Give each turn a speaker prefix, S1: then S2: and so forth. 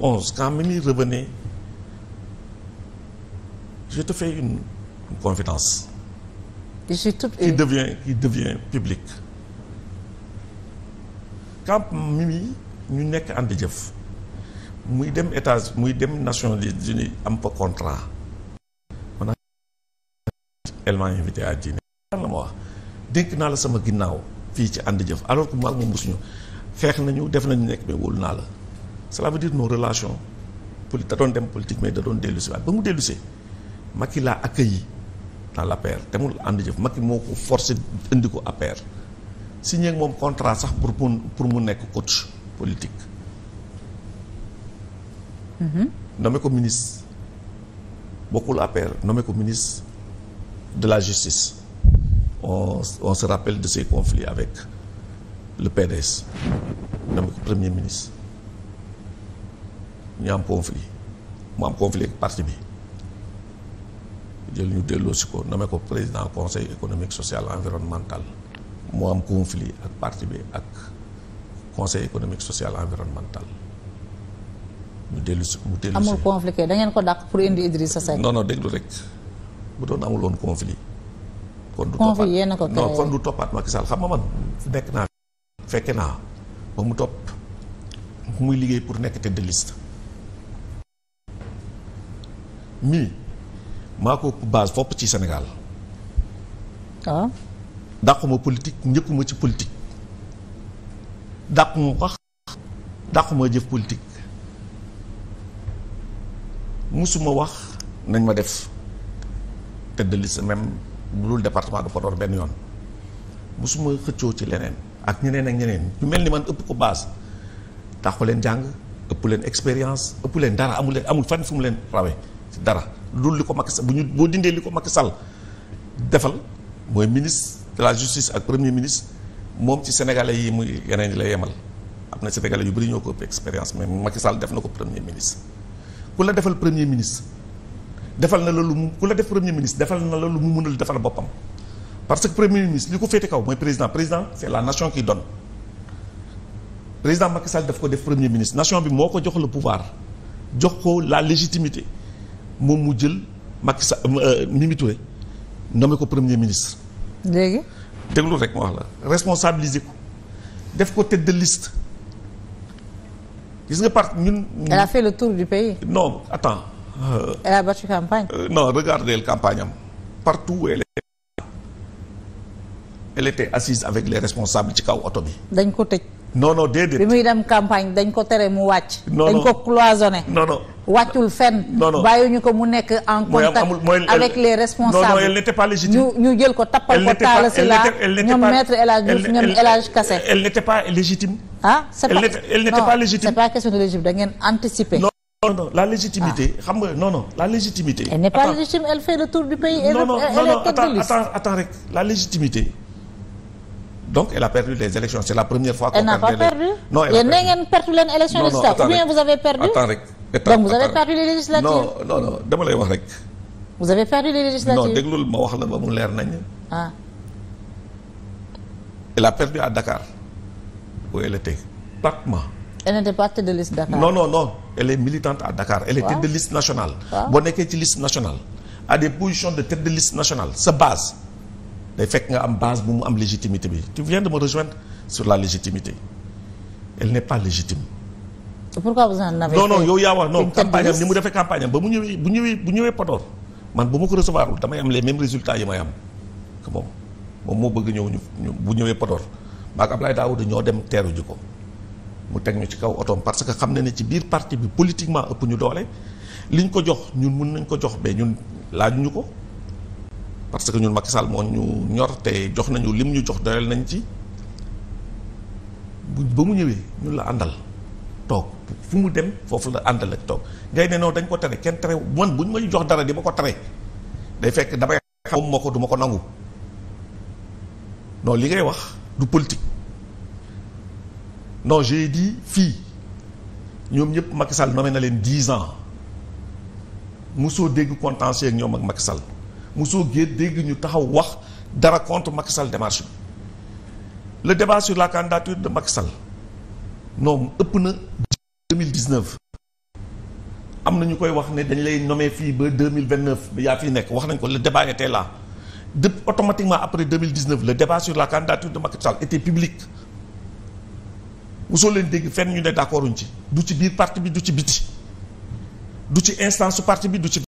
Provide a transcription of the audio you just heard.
S1: 11 quand mi revenait je te fait une, une confidence. je suis tout qui devient qui devient publique quand ñu nekk ànd jëf muy dem états muy dem Nations Unies am fa contrat. man elle m'a invité à dîner. la ma wax dénk naa la sama ginnaaw fii ci ànd jëf alors que mu ak moom mosuñu xeex nañu def nañu nekk mais wóolu naa la. cela veut dire nos relation poli da doon dem politique mais da doon dellusi waat ba mu dellusee Macky laa accueilli dans l'APR demul ànd jëf Macky moo ko forcé indi ko APR signé ak moom contrat sax pour pour mu nekk coach politique. Mm-hmm. nommé ko ministre bokkul APR nommé ko ministre de la justice on on se rappelle de ses conflits avec le PDS nommé ko premier ministre. ñu am conflit mu am conflit ak parti bi jël ñu delloo si ko nommé ko président conseil économique social environnemental mu am conflit ak parti bi ak conseil économique social environnemental ñu dellu si mu dellu si amul conflit da ngeen ko dàq pour indi Idrissa Seck. non non déglu rek bu doon amul woon conflit. kon du toppaat conflit ko non kon du toppaat Macky Sall xam nga man nekk naa fekke naa ba mu topp muy liggéey pour nekk tête de liste. mii maa ko base fopp ci Sénégal. waaw. Ah. dàquma politique njëkkuma ci politique. dàquma wax. dàquma jëf politique. musuma wax nañ ma def tête de liste même bu dul département de Podor benn yoon musuma xëccoo ci leneen ak ñeneen ak ñeneen ñu mel ni man ëpp ko baas taxu leen jàng ëpp leen expérience ëpp leen dara amul amul fan fu mu leen rawee dara loolu li ko Macky Sall bu ñu boo dindee li ko Macky sal defal mooy ministre de la justice ak premier ministre moom ci sénégalais yi muy yeneen yi la yemal am na sénégalais yu bëri ñoo ko ëpp expérience mais Macky Sall def na ko premier ministre ku la defal premier ministre defal na la lu mu ku la def premier ministre defal na la lu mu mënal defal boppam parce que premier ministre li ko féete kaw mooy président président c'est la nation qui donne président Macky sal daf ko def premier ministre nation bi moo ko jox le jox ko la légitimité moom mu jël Macky Sall euh, euh, Mimi Touré nommé ko premier ministre. léegi. déglu rek ma wax la responsabiliser ko def ko tête de liste gis nga part ñun. elle a fait le tour du pays. non attends. Euh, elle a battu campagne. Euh, non regardez le campagne am partout où elle était. elle était assise avec les responsables ci kaw oto bi. dañ ko tëj. non non déedéet bi muy dem campagne dañ ko tere mu wàcc. dañ ko cloisonné. non non wàccul fenn. non non bàyyiwuñu ko mu nekk en contact avec les responsables. non ñu ñu jël ko tappal ko taal si la ñoom maître El Hadj Diouf ñoom El Hadj elle n'était pas légitime. Ah, elle n'était pas légitime. c'est pas question de légitime da ngeen anticiper. non non la légitimité ah. xam nga non non la légitimité. elle n'est pas légitime elle fait le tour du pays. elle est non non attends attends rek la légitimité. donc elle a perdu les élections c'est la première fois. qu'on perd les perdu. non elle n'a pas perdu yéen élection législative ou bien vous avez perdu. les législatives. non non non dama lay wax rek. vous avez perdu wax la ba leer nañ. ah. elle a perdu à Dakar où elle était pratiquement. elle n'était pas tête de liste Dakar. non non non elle est militante à Dakar. elle est tête de liste boo nekkee ci liste nationale. à des positions de tête de liste nationale sa base. day fekk nga am base bu mu am légitimité bi tu viens de me rejoindre sur la légitimité elle n'est pas légitime. pourquoi vous en avez non yow yaa wax non campagne am ni mu defee campagne ba mu ñëwee bu ñëwee bu ñëwee Podor man bu ma ko recevoirul damay am les mêmes résultats yi may am moom moom moo bëgg ñëw ñu bu ñëwee Podor maag Ablaye Daouda ñoo dem teeru ji ko mu teg ñu ci kaw otoom parce que xam na ne ci biir parti bi politiquement ëpp ñu doole liñ ko jox ñun mun nañ ko jox mais ñun laajuñu ko. parce que ñun Macky Sall moo ñu ñor te jox nañu li mu ñu jox doyal nañ ci bu ba mu ñëwee ñun la àndal toog fu mu dem foofu la àndal ak toog ngay ne non dañ ko tare kenn tere man bu ñu may jox dara di ma ko tare day fekk damay xam moo ko duma ko nangu non li ngay wax du politique non j'ai di fii ñoom ñëpp Macky Sall nommé na leen dix ans mosoo dégg contentieux ak ñoom ak Macky Sall mosoo gée dégg ñu taxaw wax dara conte Macky Sall démarche bi le débat sur la candidature de Macky Sall ëpp na 2019 am na ñu koy wax ne dañ lay nommer fii ba mille 2029 ba yaa fii nekk wax nañ ko le débat était là de automatiquement après 2019 le débat sur la candidature de Macky Sall était public mosoo leen dégg fenn ñu ne d'accorduñ ci du ci biir parti bi du ci biti du ci instance su bi du ci